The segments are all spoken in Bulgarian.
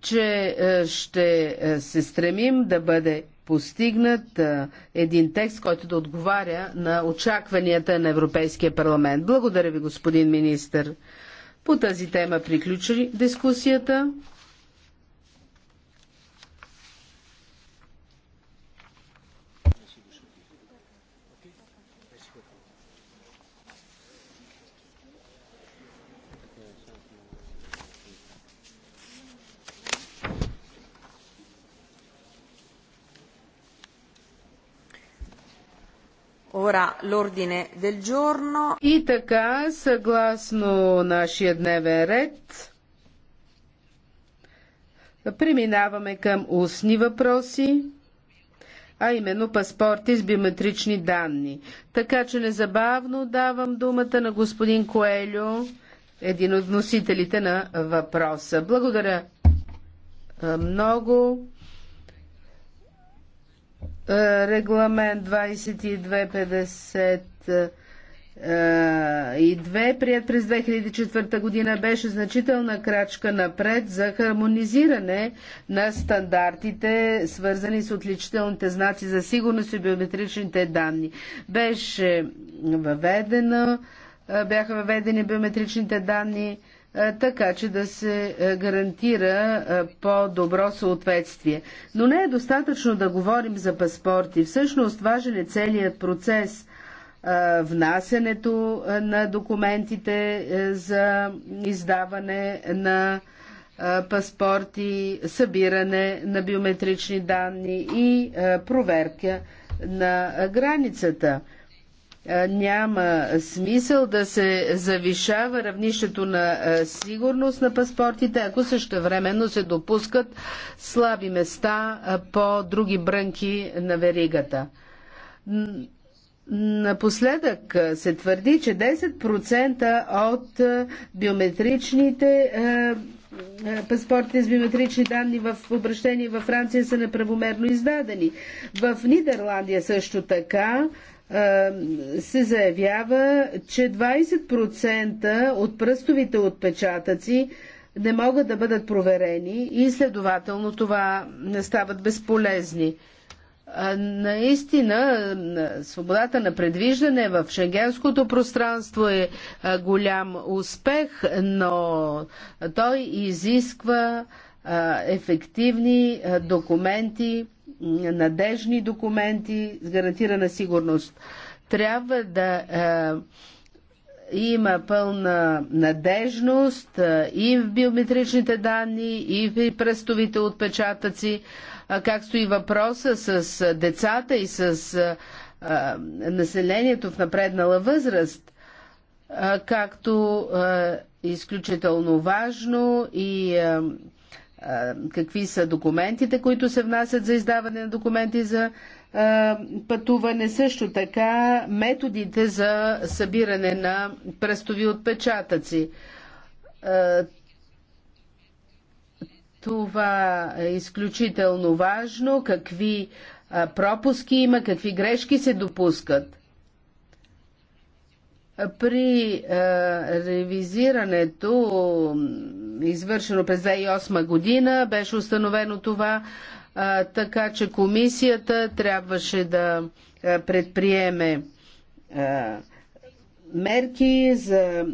че е, ще е, се стремим да бъде постигнат е, един текст, който да отговаря на очакванията на Европейския парламент. Благодаря ви, господин министр. По тази тема приключи дискусията. И така, съгласно нашия дневен ред, преминаваме към устни въпроси, а именно паспорти с биометрични данни. Така че незабавно давам думата на господин Коелю, един от носителите на въпроса. Благодаря много. Е, регламент 2250 е, прият през 2004 година, беше значителна крачка напред за хармонизиране на стандартите, свързани с отличителните знаци за сигурност и биометричните данни. Беше въведено, е, бяха въведени биометричните данни е, така че да се е, гарантира е, по-добро съответствие. Но не е достатъчно да говорим за паспорти. Всъщност важен е целият процес внасянето на документите за издаване на паспорти, събиране на биометрични данни и проверка на границата. Е, няма смисъл да се завишава равнището на е, сигурност на паспортите, ако същевременно се допускат слаби места е, по други брънки на веригата. Напоследък се твърди, че 10% от биометричните паспортите с биометрични данни в обращение във Франция са неправомерно издадени. В Нидерландия също така се заявява, че 20% от пръстовите отпечатъци не могат да бъдат проверени и следователно това не стават безполезни. Наистина, свободата на предвиждане в шенгенското пространство е голям успех, но той изисква ефективни документи, надежни документи с гарантирана сигурност. Трябва да е, има пълна надежност е, и в биометричните данни, и в пръстовите отпечатъци, как стои въпроса с е, децата и с населението в напреднала възраст, както е изключително важно и какви са документите, които се внасят за издаване на документи за пътуване, също така методите за събиране на пръстови отпечатъци. Това е изключително важно, какви пропуски има, какви грешки се допускат. При ревизирането извършено през 2008 година. Беше установено това, а, така че комисията трябваше да предприеме а, мерки за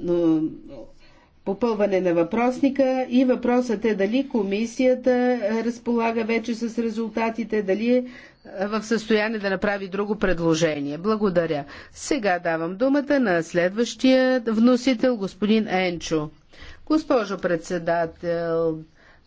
попълване на въпросника и въпросът е дали комисията разполага вече с резултатите, дали е в състояние да направи друго предложение. Благодаря. Сега давам думата на следващия вносител, господин Енчо. Госпожо председател,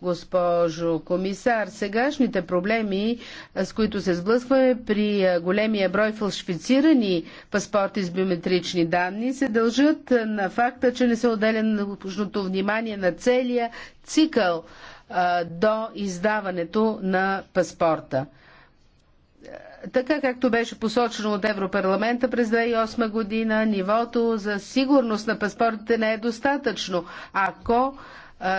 госпожо комисар, сегашните проблеми, с които се сблъскваме при големия брой фалшифицирани паспорти с биометрични данни, се дължат на факта, че не се отделя нужното внимание на целия цикъл а, до издаването на паспорта така както беше посочено от Европарламента през 2008 година, нивото за сигурност на паспортите не е достатъчно, ако е,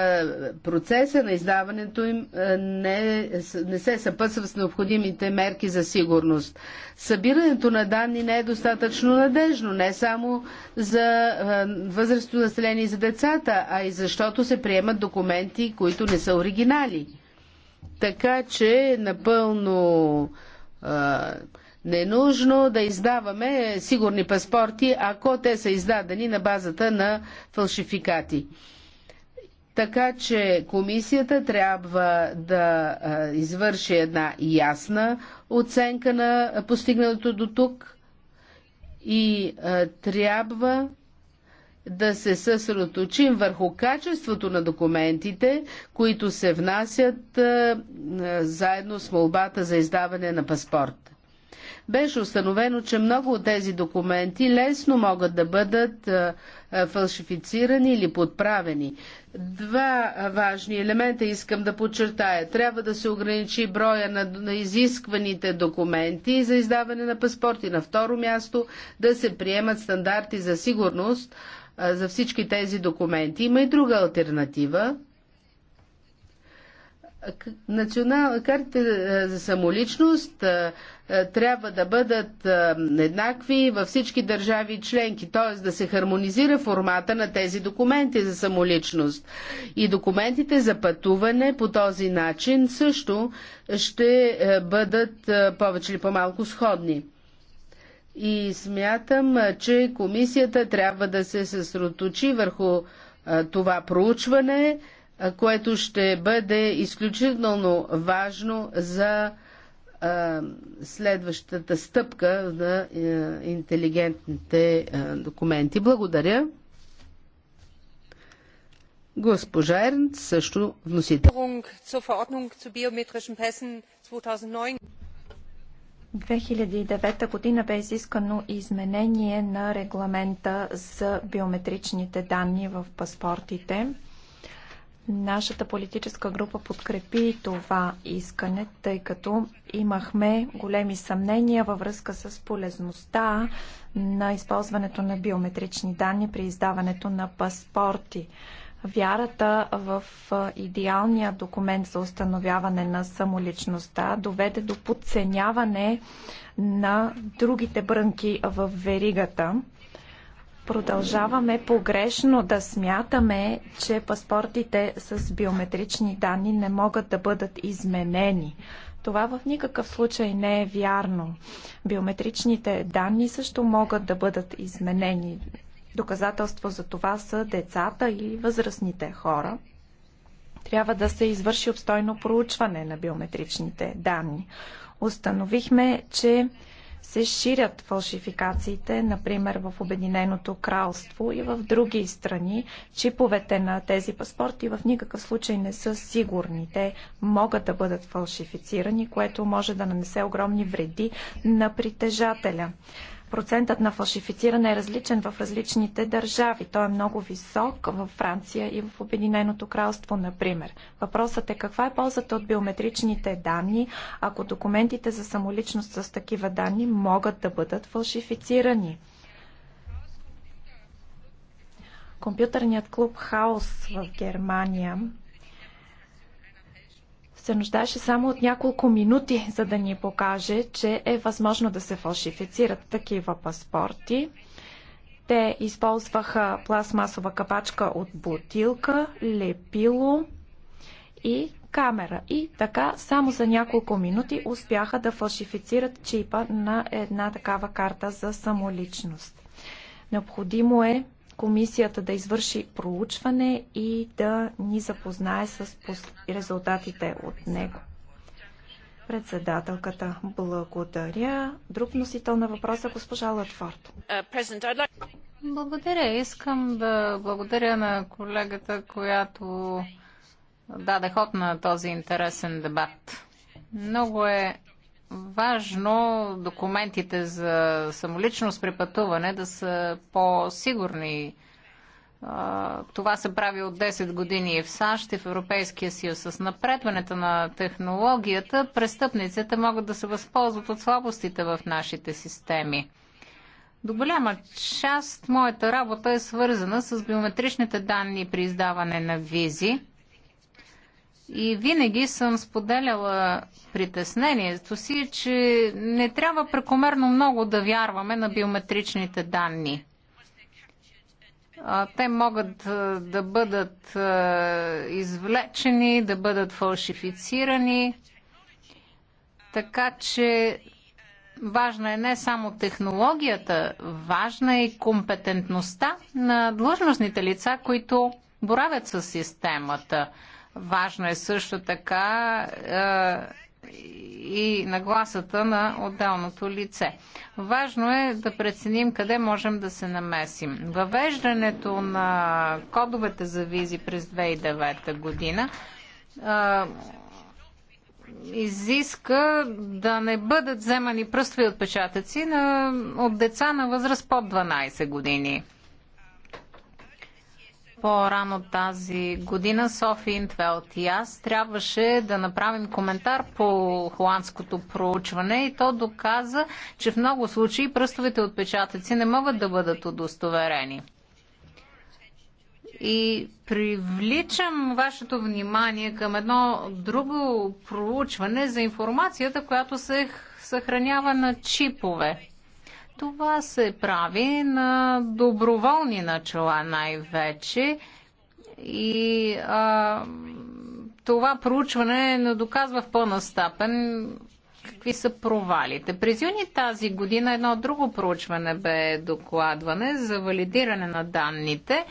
процеса на издаването им е, не, не се съпъсва с необходимите мерки за сигурност. Събирането на данни не е достатъчно надежно, не само за е, възрастно население и за децата, а и защото се приемат документи, които не са оригинали. Така че напълно не е нужно да издаваме сигурни паспорти, ако те са издадени на базата на фалшификати. Така че комисията трябва да извърши една ясна оценка на постигнатото до тук и трябва да се съсредоточим върху качеството на документите, които се внасят заедно с молбата за издаване на паспорт. Беше установено, че много от тези документи лесно могат да бъдат фалшифицирани или подправени. Два важни елемента искам да подчертая. Трябва да се ограничи броя на, на изискваните документи за издаване на паспорти. На второ място да се приемат стандарти за сигурност, за всички тези документи. Има и друга альтернатива. Национал... Картите за самоличност трябва да бъдат еднакви във всички държави и членки, т.е. да се хармонизира формата на тези документи за самоличност. И документите за пътуване по този начин също ще бъдат повече или по-малко сходни. И смятам, че комисията трябва да се съсредоточи върху това проучване, което ще бъде изключително важно за следващата стъпка на интелигентните документи. Благодаря. Госпожа Ернц също вносител. 2009 година бе изискано изменение на регламента за биометричните данни в паспортите. Нашата политическа група подкрепи това искане, тъй като имахме големи съмнения във връзка с полезността на използването на биометрични данни при издаването на паспорти. Вярата в идеалния документ за установяване на самоличността доведе до подценяване на другите брънки в веригата. Продължаваме погрешно да смятаме, че паспортите с биометрични данни не могат да бъдат изменени. Това в никакъв случай не е вярно. Биометричните данни също могат да бъдат изменени. Доказателство за това са децата или възрастните хора. Трябва да се извърши обстойно проучване на биометричните данни. Установихме, че се ширят фалшификациите, например в Обединеното кралство и в други страни. Чиповете на тези паспорти в никакъв случай не са сигурни. Те могат да бъдат фалшифицирани, което може да нанесе огромни вреди на притежателя процентът на фалшифициране е различен в различните държави. Той е много висок в Франция и в Обединеното кралство, например. Въпросът е каква е ползата от биометричните данни, ако документите за самоличност с такива данни могат да бъдат фалшифицирани. Компютърният клуб Хаос в Германия се нуждаеше само от няколко минути, за да ни покаже, че е възможно да се фалшифицират такива паспорти. Те използваха пластмасова капачка от бутилка, лепило и камера. И така, само за няколко минути успяха да фалшифицират чипа на една такава карта за самоличност. Необходимо е комисията да извърши проучване и да ни запознае с резултатите от него. Председателката, благодаря. Друг носител на въпроса, госпожа Латфорд. Благодаря. Искам да благодаря на колегата, която даде ход на този интересен дебат. Много е важно документите за самоличност при пътуване да са по-сигурни. Това се прави от 10 години в САЩ и в Европейския съюз. С напредването на технологията, престъпниците могат да се възползват от слабостите в нашите системи. До голяма част моята работа е свързана с биометричните данни при издаване на визи. И винаги съм споделяла притеснението си, че не трябва прекомерно много да вярваме на биометричните данни. Те могат да бъдат извлечени, да бъдат фалшифицирани, така че важна е не само технологията, важна е и компетентността на длъжностните лица, които боравят с системата. Важно е също така е, и нагласата на отделното лице. Важно е да преценим къде можем да се намесим. Въвеждането на кодовете за визи през 2009 година е, изиска да не бъдат вземани пръстови отпечатъци на, от деца на възраст под 12 години по-рано тази година Софи Интвелт и аз трябваше да направим коментар по холандското проучване и то доказа, че в много случаи пръстовите отпечатъци не могат да бъдат удостоверени. И привличам вашето внимание към едно друго проучване за информацията, която се съхранява на чипове. Това се прави на доброволни начала най-вече и а, това проучване не доказва в пълна степен какви са провалите. През юни тази година едно друго проучване бе докладване за валидиране на данните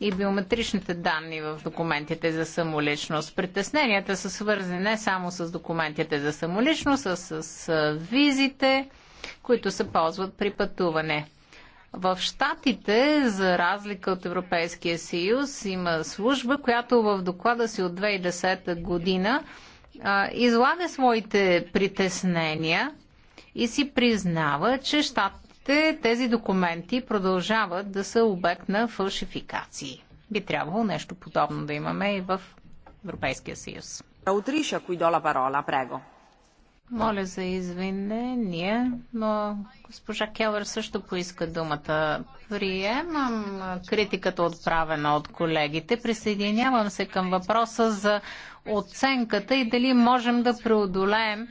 и биометричните данни в документите за самоличност. Притесненията са свързани не само с документите за самоличност, а с визите които се ползват при пътуване. В Штатите, за разлика от Европейския съюз, има служба, която в доклада си от 2010 година а, излага своите притеснения и си признава, че щатите тези документи продължават да са обект на фалшификации. Би трябвало нещо подобно да имаме и в Европейския съюз. Аутриша, кой дола парола, прего. Моля за извинение, но госпожа Келър също поиска думата. Приемам критиката отправена от колегите. Присъединявам се към въпроса за оценката и дали можем да преодолеем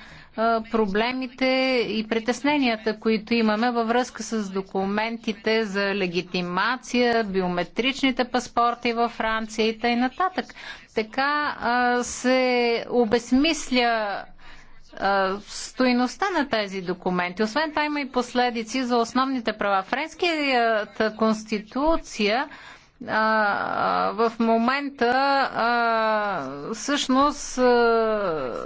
проблемите и притесненията, които имаме във връзка с документите за легитимация, биометричните паспорти във Франция и т.н. Така се обесмисля стоиността на тези документи. Освен това има и последици за основните права. Френската конституция а, в момента а, всъщност а,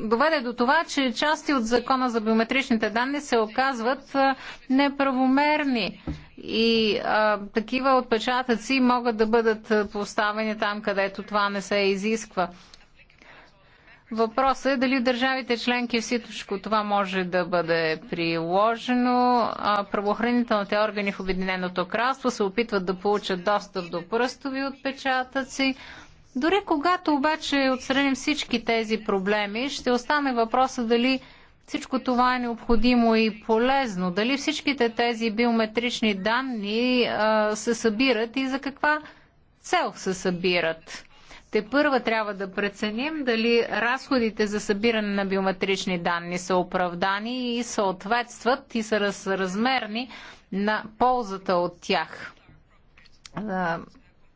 доведе до това, че части от закона за биометричните данни се оказват а, неправомерни и а, такива отпечатъци могат да бъдат поставени там, където това не се изисква. Въпросът е дали държавите членки всичко това може да бъде приложено. Правоохранителните органи в Обединеното кралство се опитват да получат достъп до пръстови отпечатъци. Дори когато обаче отстраним всички тези проблеми, ще остане въпроса дали всичко това е необходимо и полезно, дали всичките тези биометрични данни а, се събират и за каква цел се събират. Те първа трябва да преценим дали разходите за събиране на биометрични данни са оправдани и съответстват и са размерни на ползата от тях.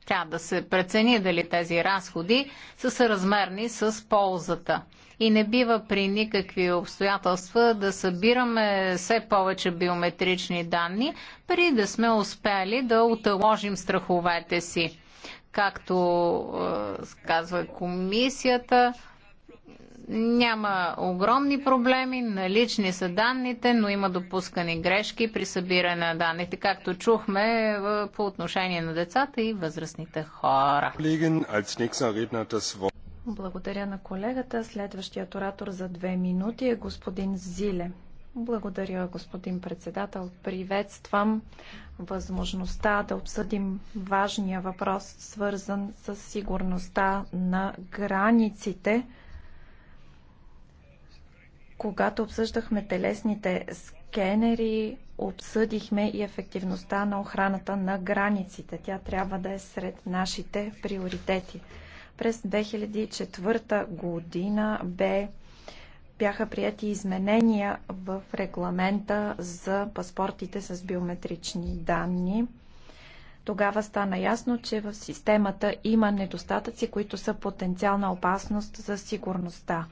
Трябва да се прецени дали тези разходи са съразмерни с ползата. И не бива при никакви обстоятелства да събираме все повече биометрични данни, преди да сме успели да отъложим страховете си както е, казва комисията, няма огромни проблеми, налични са данните, но има допускани грешки при събиране на данните, както чухме е, по отношение на децата и възрастните хора. Благодаря на колегата. Следващият оратор за две минути е господин Зиле. Благодаря, господин председател. Приветствам възможността да обсъдим важния въпрос, свързан с сигурността на границите. Когато обсъждахме телесните скенери, обсъдихме и ефективността на охраната на границите. Тя трябва да е сред нашите приоритети. През 2004 година бе бяха прияти изменения в регламента за паспортите с биометрични данни. Тогава стана ясно, че в системата има недостатъци, които са потенциална опасност за сигурността.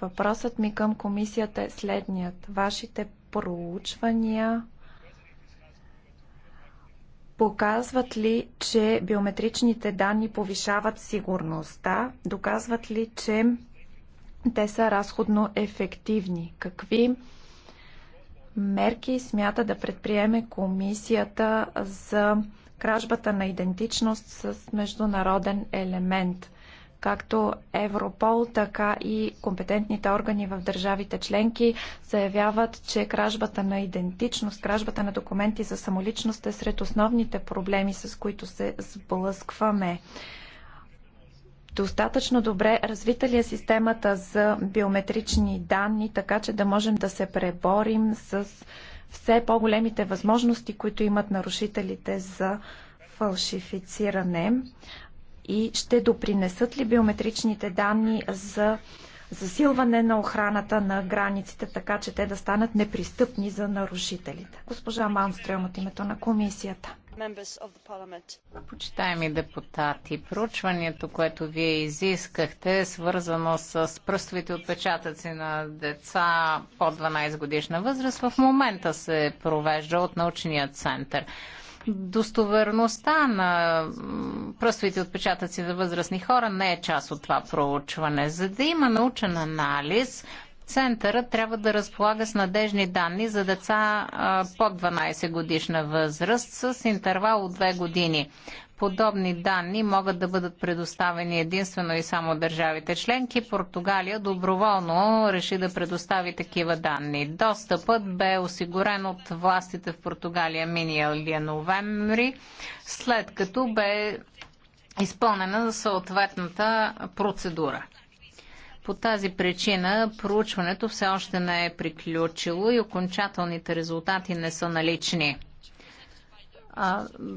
Въпросът ми към комисията е следният. Вашите проучвания показват ли, че биометричните данни повишават сигурността? Доказват ли, че те са разходно ефективни? Какви мерки смята да предприеме комисията за кражбата на идентичност с международен елемент? Както Европол, така и компетентните органи в държавите членки заявяват, че кражбата на идентичност, кражбата на документи за самоличност е сред основните проблеми, с които се сблъскваме. Достатъчно добре развита ли е системата за биометрични данни, така че да можем да се преборим с все по-големите възможности, които имат нарушителите за фалшифициране? И ще допринесат ли биометричните данни за засилване на охраната на границите, така че те да станат непристъпни за нарушителите? Госпожа Манстрем от името на комисията. Почитаеми депутати, проучването, което вие изискахте, е свързано с пръстовите отпечатъци на деца под 12 годишна възраст. В момента се провежда от научния център достоверността на пръстовите отпечатъци за възрастни хора не е част от това проучване. За да има научен анализ, Центърът трябва да разполага с надежни данни за деца под 12 годишна възраст с интервал от 2 години. Подобни данни могат да бъдат предоставени единствено и само държавите членки. Португалия доброволно реши да предостави такива данни. Достъпът бе осигурен от властите в Португалия миналия новември, след като бе изпълнена съответната процедура. По тази причина проучването все още не е приключило и окончателните резултати не са налични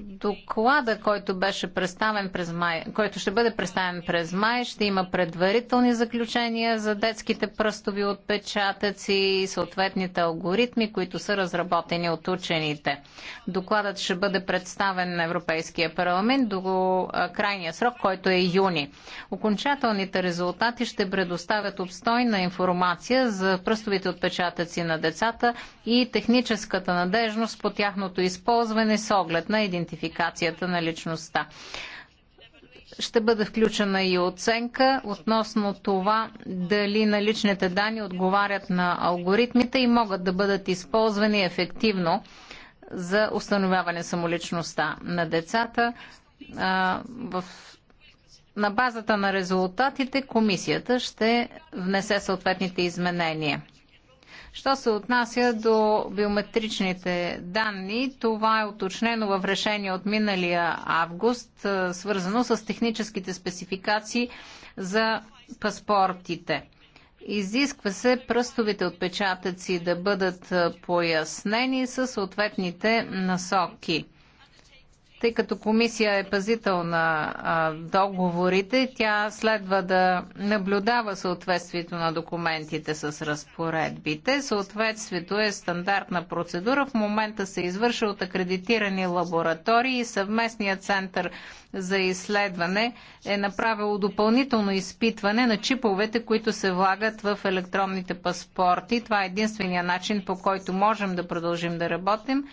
доклада, който беше представен през май, който ще бъде представен през май, ще има предварителни заключения за детските пръстови отпечатъци и съответните алгоритми, които са разработени от учените. Докладът ще бъде представен на Европейския парламент до крайния срок, който е юни. Окончателните резултати ще предоставят обстойна информация за пръстовите отпечатъци на децата и техническата надежност по тяхното използване с оглед оглед на идентификацията на личността ще бъде включена и оценка относно това дали наличните данни отговарят на алгоритмите и могат да бъдат използвани ефективно за установяване самоличността на децата. В... На базата на резултатите комисията ще внесе съответните изменения. Що се отнася до биометричните данни, това е уточнено в решение от миналия август, е, свързано с техническите спецификации за паспортите. Изисква се пръстовите отпечатъци да бъдат е, пояснени със съответните насоки. Тъй като комисия е пазител на а, договорите, тя следва да наблюдава съответствието на документите с разпоредбите. Съответствието е стандартна процедура. В момента се извършва от акредитирани лаборатории и съвместният център за изследване е направило допълнително изпитване на чиповете, които се влагат в електронните паспорти. Това е единствения начин, по който можем да продължим да работим.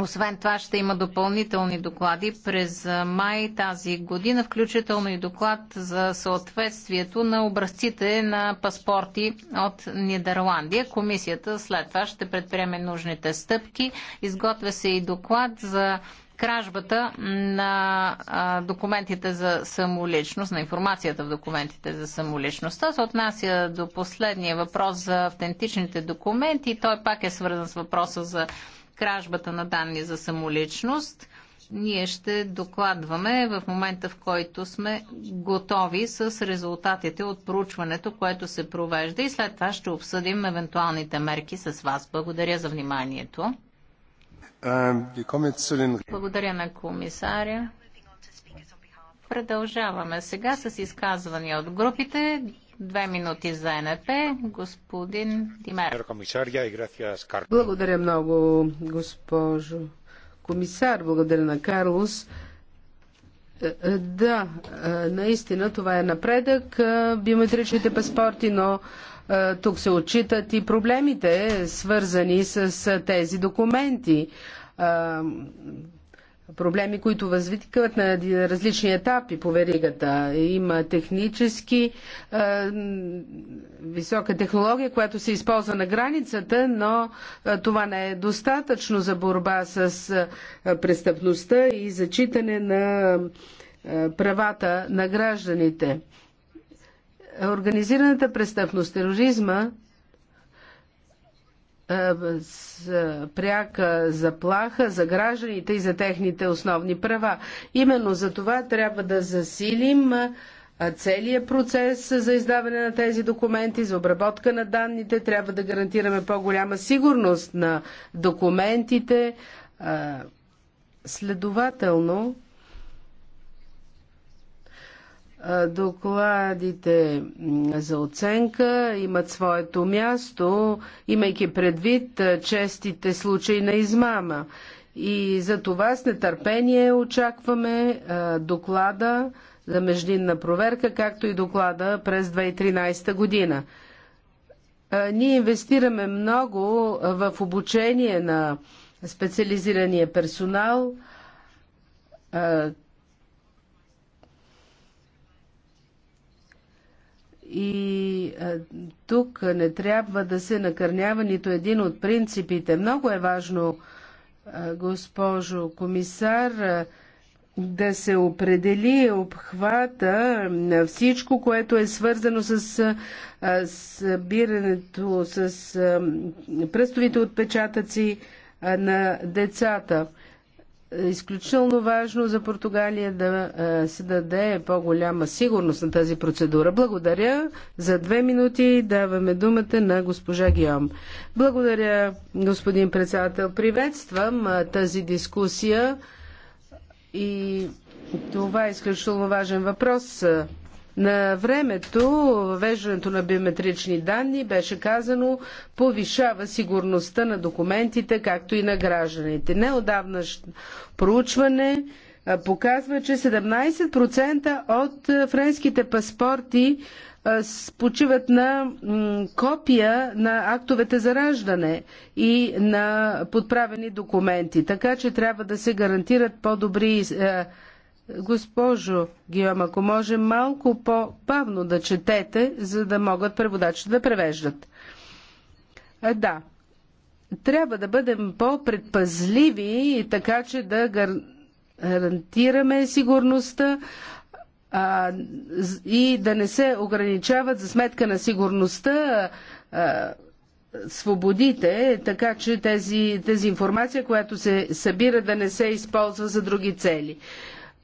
Освен това ще има допълнителни доклади през май тази година, включително и доклад за съответствието на образците на паспорти от Нидерландия. Комисията след това ще предприеме нужните стъпки. Изготвя се и доклад за кражбата на документите за самоличност, на информацията в документите за самоличност. Това се отнася до последния въпрос за автентичните документи. Той пак е свързан с въпроса за кражбата на данни за самоличност. Ние ще докладваме в момента, в който сме готови с резултатите от проучването, което се провежда и след това ще обсъдим евентуалните мерки с вас. Благодаря за вниманието. Благодаря на комисаря. Продължаваме сега с изказвания от групите. Две минути за НП. Господин Димар. Благодаря много, госпожо комисар. Благодаря на Карлос. Е, е, да, е, наистина това е напредък. Биометричните паспорти, но тук се отчитат и проблемите, свързани с тези документи проблеми, които възникват на различни етапи по веригата. Има технически е, висока технология, която се използва на границата, но е, това не е достатъчно за борба с е, престъпността и зачитане на е, правата на гражданите. Организираната престъпност, тероризма е, пряка заплаха за гражданите и за техните основни права. Именно за това трябва да засилим е, целият процес за издаване на тези документи, за обработка на данните, трябва да гарантираме по-голяма сигурност на документите. Е, следователно, Докладите за оценка имат своето място, имайки предвид честите случаи на измама. И за това с нетърпение очакваме доклада за междинна проверка, както и доклада през 2013 година. Ние инвестираме много в обучение на специализирания персонал, И е, тук не трябва да се накърнява нито един от принципите. Много е важно, е, госпожо комисар, е, да се определи обхвата на всичко, което е свързано с събирането, с пръстовите отпечатъци на децата. Е изключително важно за Португалия да е, се даде по-голяма сигурност на тази процедура. Благодаря. За две минути даваме думата на госпожа Гиом. Благодаря, господин председател. Приветствам е, тази дискусия и това е изключително важен въпрос на времето въвеждането на биометрични данни беше казано повишава сигурността на документите, както и на гражданите. Неодавна проучване показва, че 17% от френските паспорти почиват на копия на актовете за раждане и на подправени документи. Така че трябва да се гарантират по-добри Госпожо Гиом, ако може малко по-бавно да четете, за да могат преводачите да превеждат. А, да, трябва да бъдем по-предпазливи, така че да гарантираме сигурността а, и да не се ограничават за сметка на сигурността а, свободите, така че тези, тези информация, която се събира, да не се използва за други цели.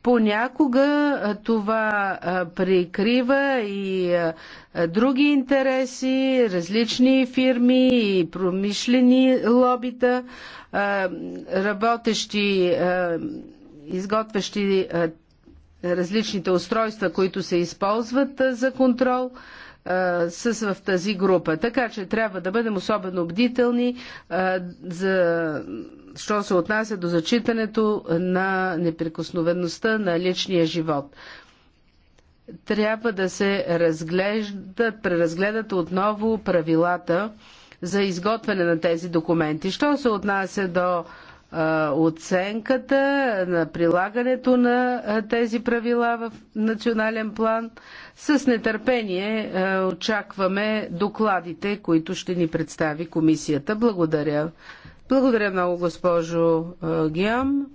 Понякога това прикрива и други интереси, различни фирми и промишлени лобита, работещи, изготвящи различните устройства, които се използват за контрол, с в тази група. Така че трябва да бъдем особено бдителни за що се отнася до зачитането на неприкосновеността на личния живот. Трябва да се разглеждат, преразгледат отново правилата за изготвяне на тези документи. Що се отнася до оценката на прилагането на тези правила в национален план. С нетърпение очакваме докладите, които ще ни представи комисията. Благодаря. Благодаря много, госпожо Гиам.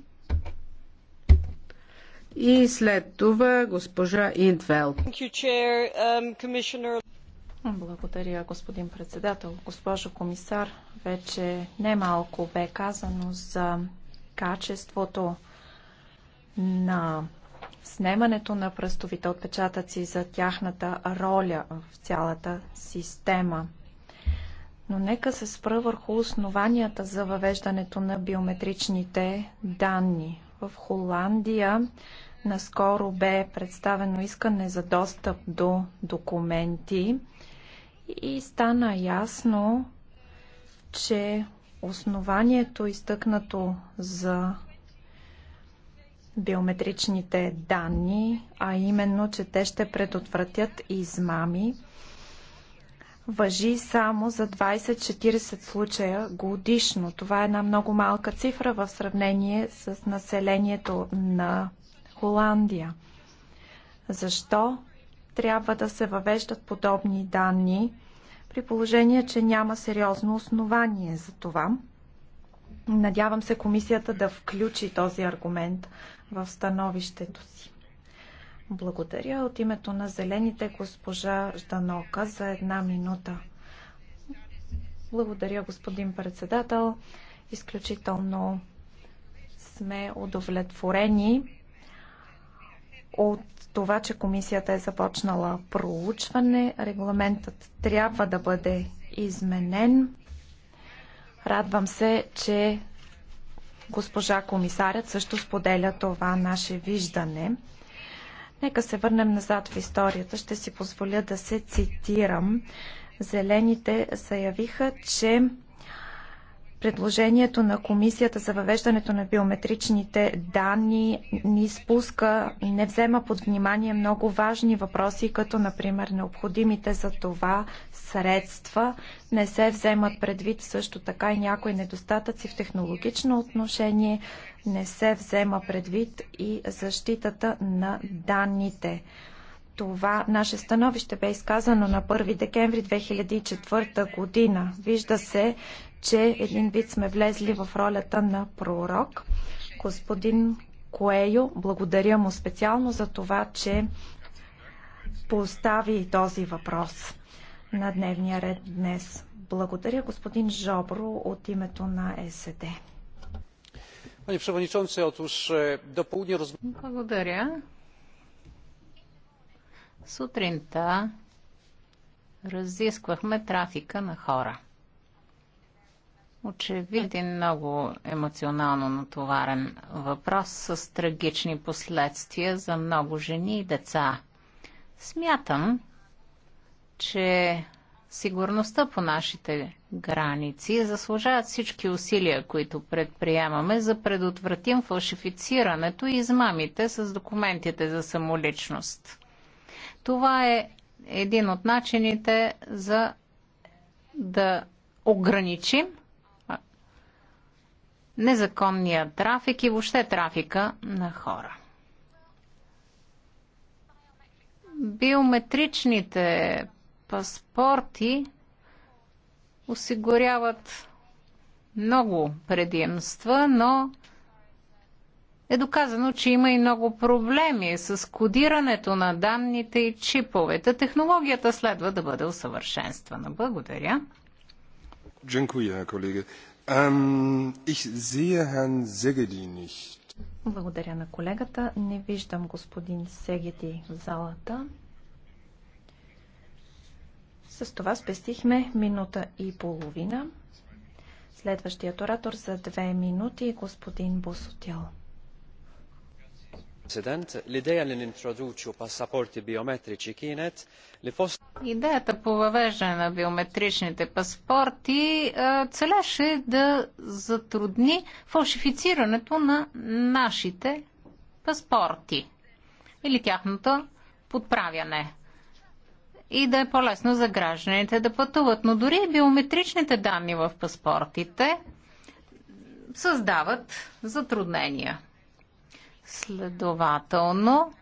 И след това госпожа Интвел. Um, Благодаря, господин председател. Госпожо комисар, вече немалко бе казано за качеството на снемането на пръстовите отпечатъци за тяхната роля в цялата система – но нека се спра върху основанията за въвеждането на биометричните данни. В Холандия наскоро бе представено искане за достъп до документи и стана ясно, че основанието изтъкнато за биометричните данни, а именно, че те ще предотвратят измами, въжи само за 20-40 случая годишно. Това е една много малка цифра в сравнение с населението на Холандия. Защо трябва да се въвеждат подобни данни при положение, че няма сериозно основание за това? Надявам се комисията да включи този аргумент в становището си. Благодаря от името на зелените госпожа Жданока за една минута. Благодаря, господин председател. Изключително сме удовлетворени от това, че комисията е започнала проучване. Регламентът трябва да бъде изменен. Радвам се, че госпожа комисарят също споделя това наше виждане. Нека се върнем назад в историята. Ще си позволя да се цитирам. Зелените заявиха, че Предложението на комисията за въвеждането на биометричните данни ни спуска, не взема под внимание много важни въпроси, като например необходимите за това средства. Не се вземат предвид също така и някои недостатъци в технологично отношение. Не се взема предвид и защитата на данните. Това наше становище бе изказано на 1 декември 2004 година. Вижда се, че един вид сме влезли в ролята на пророк. Господин Коейо, благодаря му специално за това, че постави този въпрос на дневния ред днес. Благодаря господин Жобро от името на СД. Е, благодаря. Сутринта разисквахме трафика на хора. Очевидно един много емоционално натоварен въпрос с трагични последствия за много жени и деца. Смятам, че сигурността по нашите граници заслужават всички усилия, които предприемаме за предотвратим фалшифицирането и измамите с документите за самоличност. Това е един от начините за да ограничим незаконния трафик и въобще трафика на хора. Биометричните паспорти осигуряват много предимства, но е доказано, че има и много проблеми с кодирането на данните и чиповете. Технологията следва да бъде усъвършенствана. Благодаря. колеги. Ähm, Благодаря на колегата. Не виждам господин Сегети в залата. С това спестихме минута и половина. Следващият оратор за две минути е господин Босотел. Идеята по въвеждане на биометричните паспорти целеше да затрудни фалшифицирането на нашите паспорти или тяхното подправяне и да е по-лесно за гражданите да пътуват. Но дори биометричните данни в паспортите създават затруднения. Следователно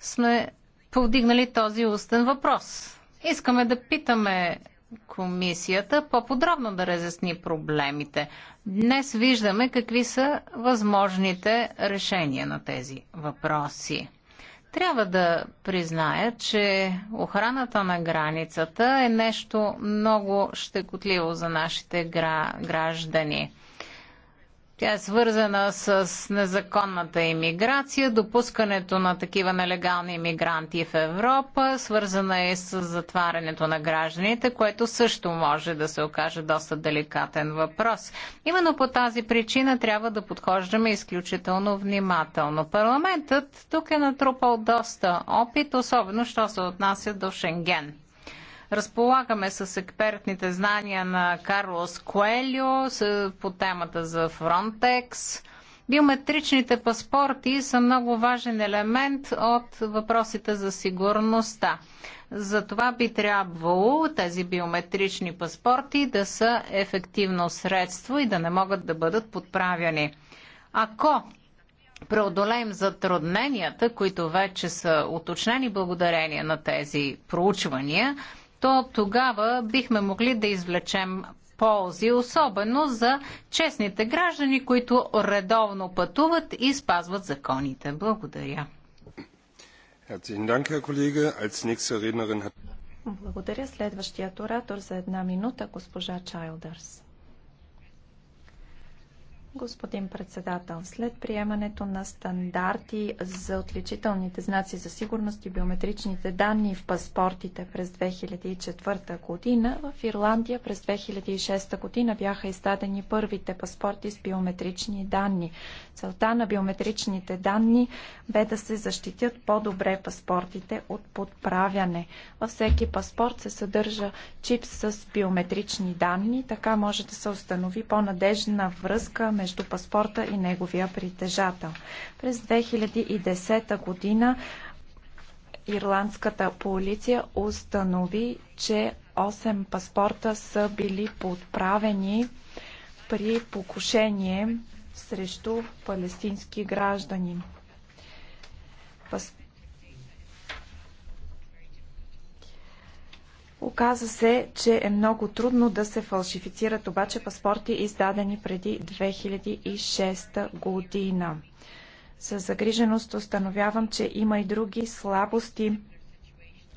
сме повдигнали този устен въпрос. Искаме да питаме комисията по-подробно да разясни проблемите. Днес виждаме какви са възможните решения на тези въпроси. Трябва да призная, че охраната на границата е нещо много щекотливо за нашите граждани. Тя е свързана с незаконната иммиграция, допускането на такива нелегални иммигранти в Европа, свързана е с затварянето на гражданите, което също може да се окаже доста деликатен въпрос. Именно по тази причина трябва да подхождаме изключително внимателно. Парламентът тук е натрупал доста опит, особено що се отнася до Шенген. Разполагаме с експертните знания на Карлос Коелио по темата за Фронтекс. Биометричните паспорти са много важен елемент от въпросите за сигурността. Затова би трябвало тези биометрични паспорти да са ефективно средство и да не могат да бъдат подправяни. Ако преодолеем затрудненията, които вече са уточнени благодарение на тези проучвания, то тогава бихме могли да извлечем ползи, особено за честните граждани, които редовно пътуват и спазват законите. Благодаря. Благодаря. Следващият оратор за една минута, госпожа Чайлдърс. Господин председател, след приемането на стандарти за отличителните знаци за сигурност и биометричните данни в паспортите през 2004 година, в Ирландия през 2006 година бяха издадени първите паспорти с биометрични данни. Целта на биометричните данни бе да се защитят по-добре паспортите от подправяне. Във всеки паспорт се съдържа чип с биометрични данни, така може да се установи по-надежна връзка между паспорта и неговия притежател. През 2010 година ирландската полиция установи, че 8 паспорта са били подправени при покушение срещу палестински граждани. Оказа се, че е много трудно да се фалшифицират обаче паспорти, издадени преди 2006 година. С загриженост установявам, че има и други слабости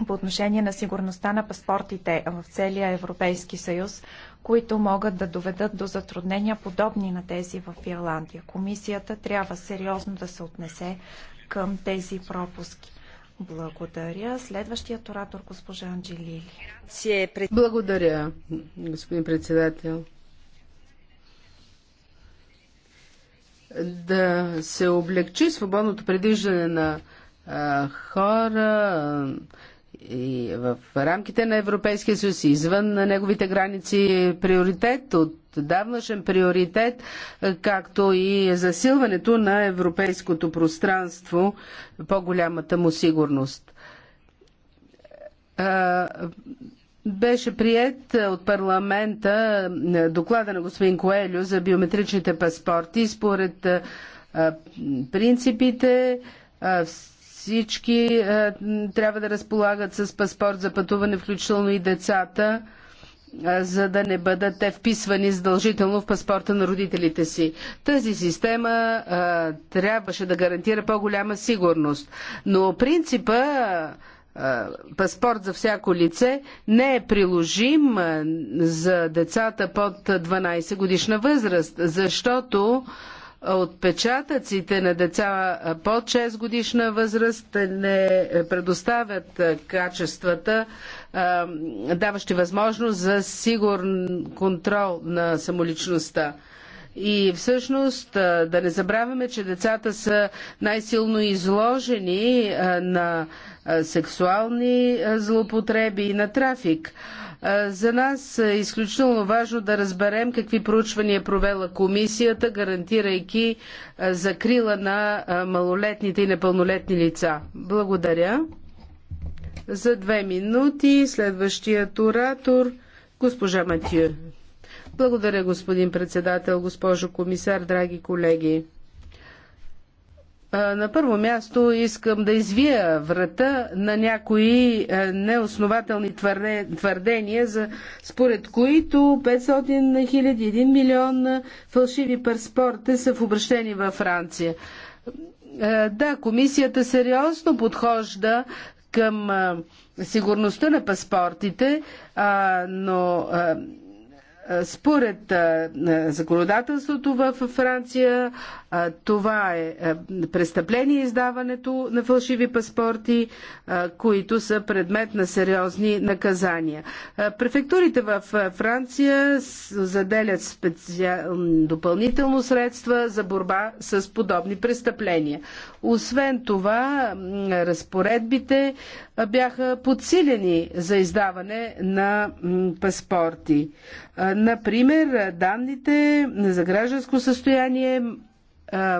по отношение на сигурността на паспортите в целия Европейски съюз, които могат да доведат до затруднения подобни на тези в Ирландия. Комисията трябва сериозно да се отнесе към тези пропуски. Благодаря. Следващият оратор госпожа Анджелили. Благодаря, господин председател. Да се облегчи свободното предвиждане на хора, и в рамките на Европейския съюз и извън на неговите граници приоритет, от давнашен приоритет, както и засилването на европейското пространство, по-голямата му сигурност. Беше прият от парламента доклада на господин Коелю за биометричните паспорти. Според принципите, всички е, трябва да разполагат с паспорт за пътуване, включително и децата, е, за да не бъдат те вписвани задължително в паспорта на родителите си. Тази система а, е, трябваше да гарантира по-голяма сигурност. Но принципа паспорт за всяко лице не е приложим за децата под 12 годишна възраст, защото отпечатъците на деца под 6 годишна възраст не предоставят качествата, даващи възможност за сигурен контрол на самоличността. И всъщност да не забравяме, че децата са най-силно изложени на сексуални злоупотреби и на трафик. За нас е изключително важно да разберем какви проучвания е провела комисията, гарантирайки закрила на малолетните и непълнолетни лица. Благодаря. За две минути следващият оратор госпожа Матю. Благодаря, господин председател, госпожо комисар, драги колеги. На първо място искам да извия врата на някои неоснователни твърдения, за, според които 500 хиляди, 1 милион фалшиви паспорта са в обращение във Франция. Да, комисията сериозно подхожда към сигурността на паспортите, но според законодателството в Франция това е престъпление издаването на фалшиви паспорти, които са предмет на сериозни наказания. Префектурите в Франция заделят специални допълнително средства за борба с подобни престъпления. Освен това, разпоредбите бяха подсилени за издаване на паспорти. Например, данните за гражданско състояние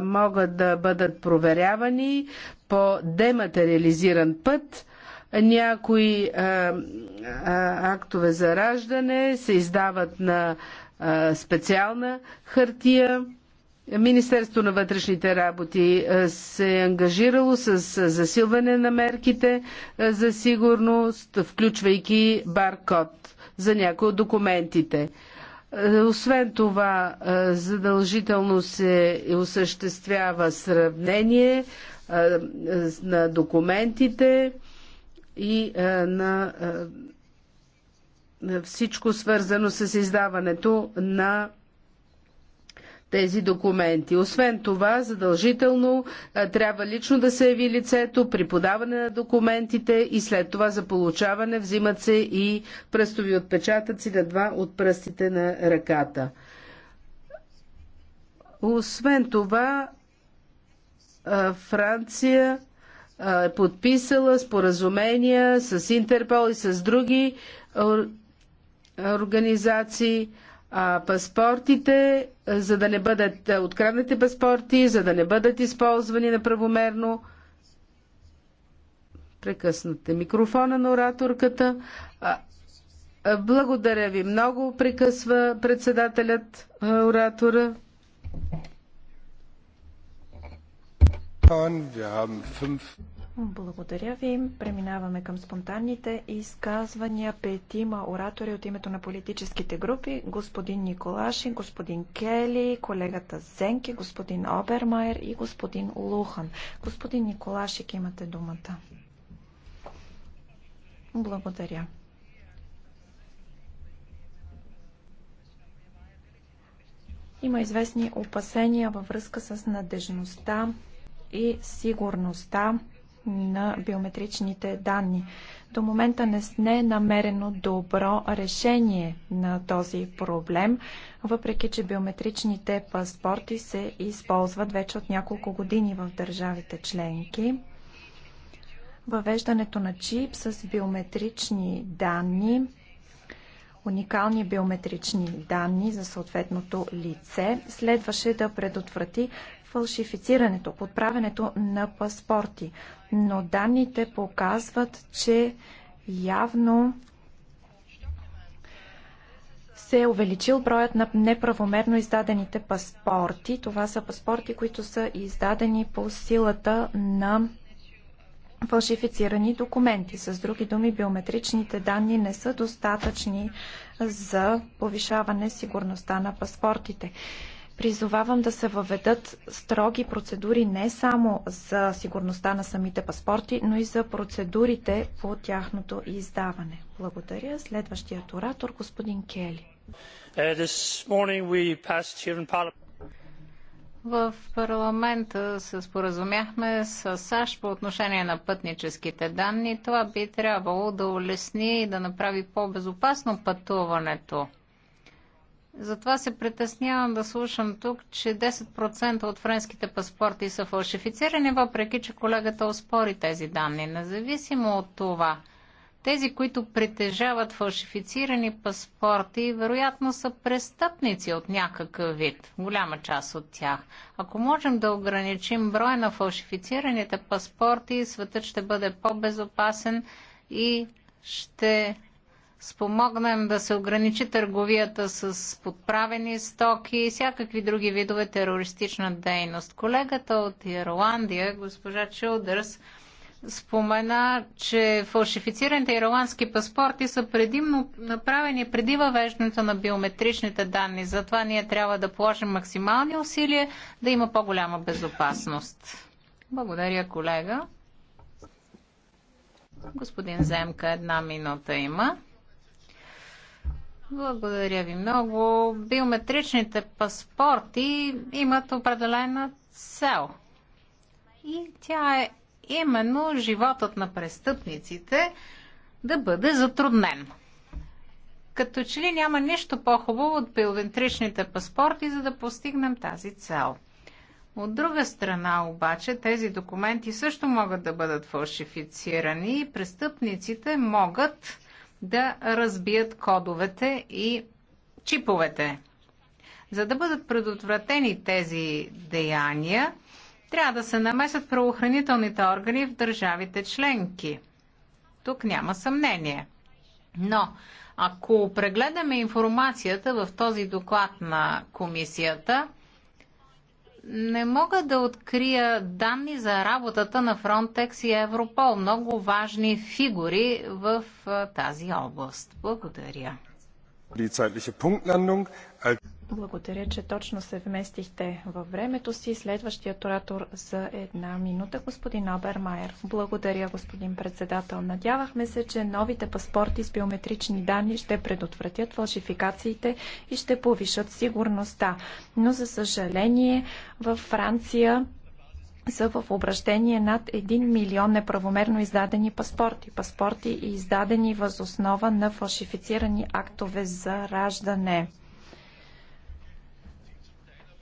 могат да бъдат проверявани по дематериализиран път. Някои актове за раждане се издават на специална хартия. Министерство на вътрешните работи се е ангажирало с засилване на мерките за сигурност, включвайки баркод за някои от документите. Е, освен това, е, задължително се осъществява сравнение е, на документите и на всичко свързано с издаването на тези документи. Освен това, задължително трябва лично да се яви лицето при подаване на документите и след това за получаване взимат се и пръстови отпечатъци на два от пръстите на ръката. Освен това, Франция е подписала споразумения с Интерпол и с други организации а паспортите, за да не бъдат откраднати паспорти, за да не бъдат използвани неправомерно. Прекъснате микрофона на ораторката. Благодаря ви много, прекъсва председателят оратора. Wir haben fünf благодаря ви. Преминаваме към спонтанните изказвания. Петима оратори от името на политическите групи. Господин Николаши, господин Кели, колегата Зенки, господин Обермайер и господин Лухан. Господин Николашик, имате думата. Благодаря. Има известни опасения във връзка с надежността и сигурността на биометричните данни. До момента не е намерено добро решение на този проблем, въпреки че биометричните паспорти се използват вече от няколко години в държавите членки. Въвеждането на чип с биометрични данни уникални биометрични данни за съответното лице, следваше да предотврати фалшифицирането, подправенето на паспорти. Но данните показват, че явно се е увеличил броят на неправомерно издадените паспорти. Това са паспорти, които са издадени по силата на фалшифицирани документи. С други думи, биометричните данни не са достатъчни за повишаване сигурността на паспортите. Призовавам да се въведат строги процедури не само за сигурността на самите паспорти, но и за процедурите по тяхното издаване. Благодаря. Следващият оратор, господин Кели. Uh, В парламента се споразумяхме с САЩ по отношение на пътническите данни. Това би трябвало да улесни и да направи по-безопасно пътуването затова се притеснявам да слушам тук, че 10% от френските паспорти са фалшифицирани, въпреки че колегата оспори тези данни. Независимо от това, тези, които притежават фалшифицирани паспорти, вероятно са престъпници от някакъв вид, голяма част от тях. Ако можем да ограничим броя на фалшифицираните паспорти, светът ще бъде по-безопасен и ще спомогнем да се ограничи търговията с подправени стоки и всякакви други видове терористична дейност. Колегата от Ирландия, госпожа Чилдърс, спомена, че фалшифицираните ирландски паспорти са предимно направени преди въвеждането на биометричните данни. Затова ние трябва да положим максимални усилия да има по-голяма безопасност. Благодаря, колега. Господин Земка, една минута има. Благодаря ви много. Биометричните паспорти имат определена цел. И тя е именно животът на престъпниците да бъде затруднен. Като че ли няма нищо по-хубаво от биометричните паспорти, за да постигнем тази цел. От друга страна обаче тези документи също могат да бъдат фалшифицирани и престъпниците могат да разбият кодовете и чиповете. За да бъдат предотвратени тези деяния, трябва да се намесят правоохранителните органи в държавите членки. Тук няма съмнение. Но ако прегледаме информацията в този доклад на комисията, не мога да открия данни за работата на Frontex и Европол. Много важни фигури в тази област. Благодаря. Благодаря, че точно се вместихте във времето си. Следващият оратор за една минута, господин Обермайер. Благодаря, господин председател. Надявахме се, че новите паспорти с биометрични данни ще предотвратят фалшификациите и ще повишат сигурността. Но, за съжаление, във Франция са в обращение над 1 милион неправомерно издадени паспорти. Паспорти издадени възоснова на фалшифицирани актове за раждане.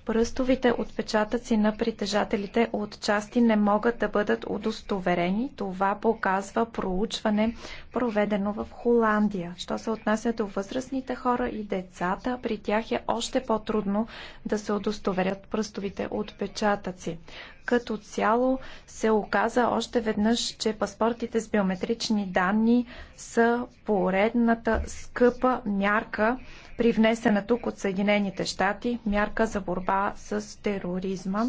Пръстовите отпечатъци на притежателите от части не могат да бъдат удостоверени. Това показва проучване, проведено в Холандия. Що се отнася до възрастните хора и децата, при тях е още по-трудно да се удостоверят пръстовите отпечатъци. Като цяло се оказа още веднъж, че паспортите с биометрични данни са поредната скъпа мярка, привнесена тук от Съединените щати, мярка за борба с тероризма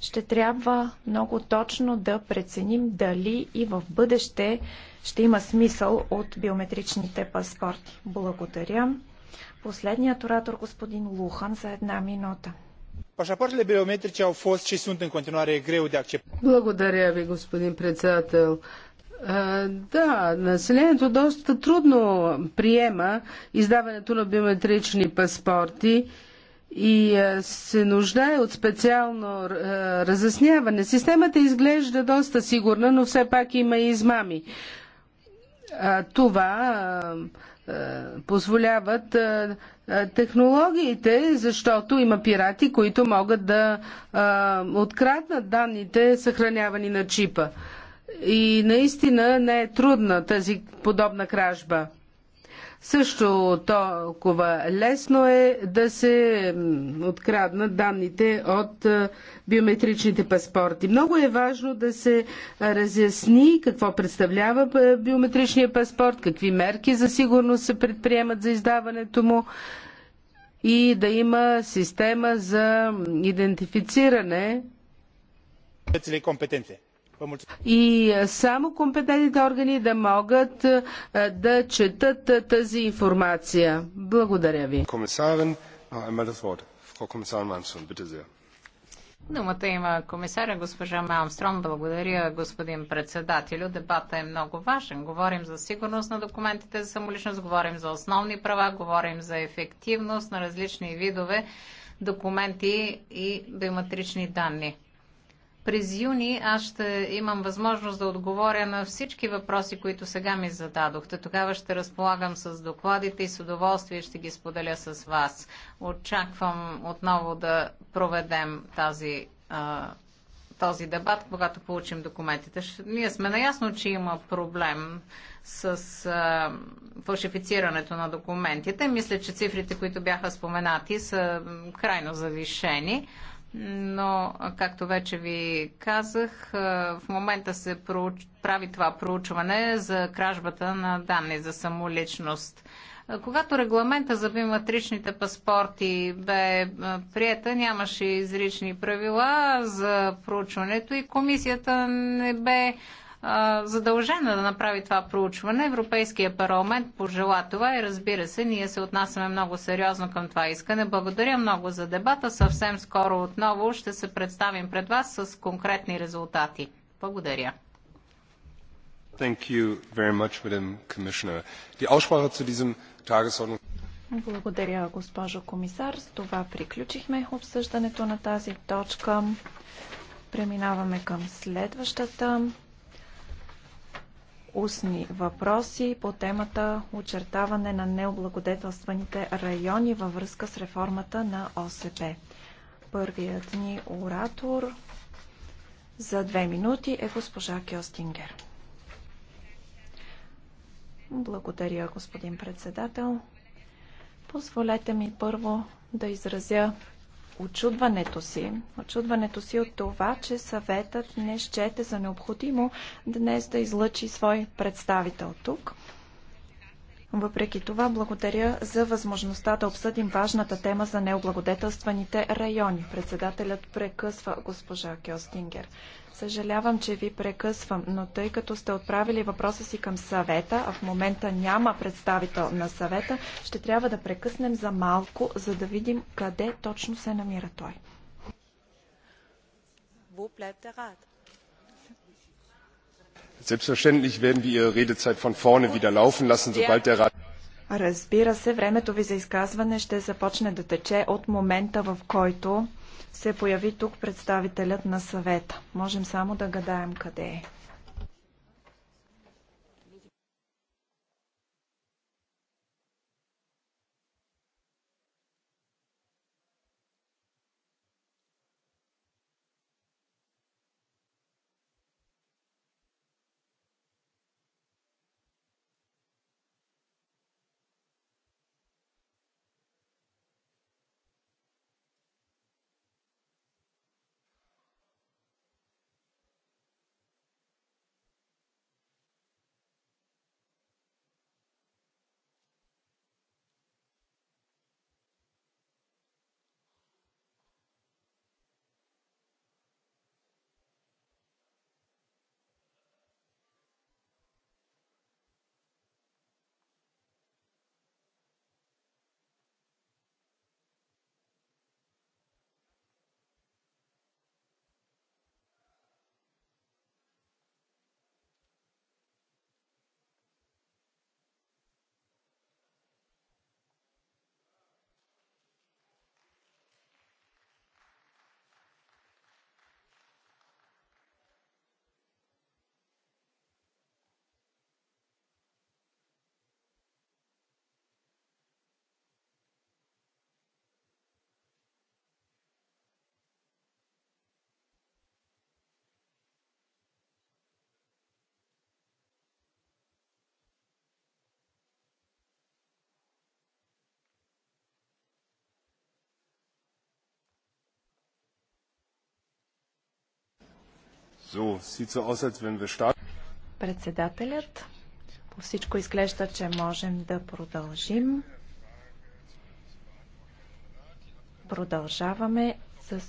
ще трябва много точно да преценим дали и в бъдеще ще има смисъл от биометричните паспорти. Благодаря. Последният оратор господин Лухан за една минута. Пашапортele биометричи au fost și sunt în continuare greu de acceptat. Благодаря ви, господин председател. Да, населението доста трудно приема издаването на биометрични паспорти и се нуждае от специално разясняване. Системата изглежда доста сигурна, но все пак има и измами. Това е, позволяват е, е, технологиите, защото има пирати, които могат да откраднат данните, съхранявани на чипа. И наистина не е трудна тази подобна кражба. Също толкова лесно е да се откраднат данните от биометричните паспорти. Много е важно да се разясни какво представлява биометричния паспорт, какви мерки за сигурност се предприемат за издаването му и да има система за идентифициране. Компетенции. И само компетентните органи да могат е, да четат е, тази информация. Благодаря ви. Думата има комисаря госпожа Малмстром. Благодаря, господин председателю. Дебата е много важен. Говорим за сигурност на документите за самоличност, говорим за основни права, говорим за ефективност на различни видове документи и биометрични данни. През юни аз ще имам възможност да отговоря на всички въпроси, които сега ми зададохте. Тогава ще разполагам с докладите и с удоволствие ще ги споделя с вас. Очаквам отново да проведем тази, а, този дебат, когато получим документите. Ние сме наясно, че има проблем с а, фалшифицирането на документите. Мисля, че цифрите, които бяха споменати, са крайно завишени но, както вече ви казах, в момента се прави това проучване за кражбата на данни за самоличност. Когато регламента за биометричните паспорти бе приета, нямаше изрични правила за проучването и комисията не бе задължена да направи това проучване. Европейския парламент пожела това и разбира се, ние се отнасяме много сериозно към това искане. Благодаря много за дебата. Съвсем скоро отново ще се представим пред вас с конкретни резултати. Благодаря. Thank you very much, Madam Commissioner. Aussprache zu diesem Tagesordnung... Благодаря, госпожо комисар. С това приключихме обсъждането на тази точка. Преминаваме към следващата устни въпроси по темата очертаване на необлагодетелстваните райони във връзка с реформата на ОСП. Първият ни оратор за две минути е госпожа Кьостингер. Благодаря, господин председател. Позволете ми първо да изразя очудването си. Очудването си от това, че съветът не щете за необходимо днес да излъчи свой представител тук. Въпреки това, благодаря за възможността да обсъдим важната тема за необлагодетелстваните райони. Председателят прекъсва госпожа Кьостингер. Съжалявам, че ви прекъсвам, но тъй като сте отправили въпроса си към съвета, а в момента няма представител на съвета, ще трябва да прекъснем за малко, за да видим къде точно се намира той. Wo bleibt der Rat? Selbstverständlich werden wir Ihre Redezeit von vorne wieder laufen lassen, sobald der Rat... Разбира се, времето ви за изказване ще започне да тече от момента, в който се появи тук представителят на съвета. Можем само да гадаем къде е. Председателят, по всичко изглежда, че можем да продължим. Продължаваме с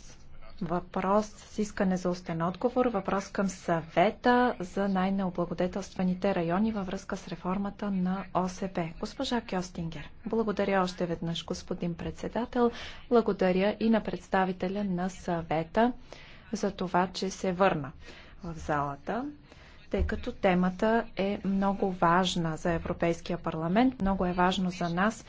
въпрос с искане за устен отговор, въпрос към съвета за най-необлагодетелстваните райони във връзка с реформата на ОСП. Госпожа Кьостингер, благодаря още веднъж, господин председател. Благодаря и на представителя на съвета за това, че се върна в залата, тъй като темата е много важна за Европейския парламент, много е важно за нас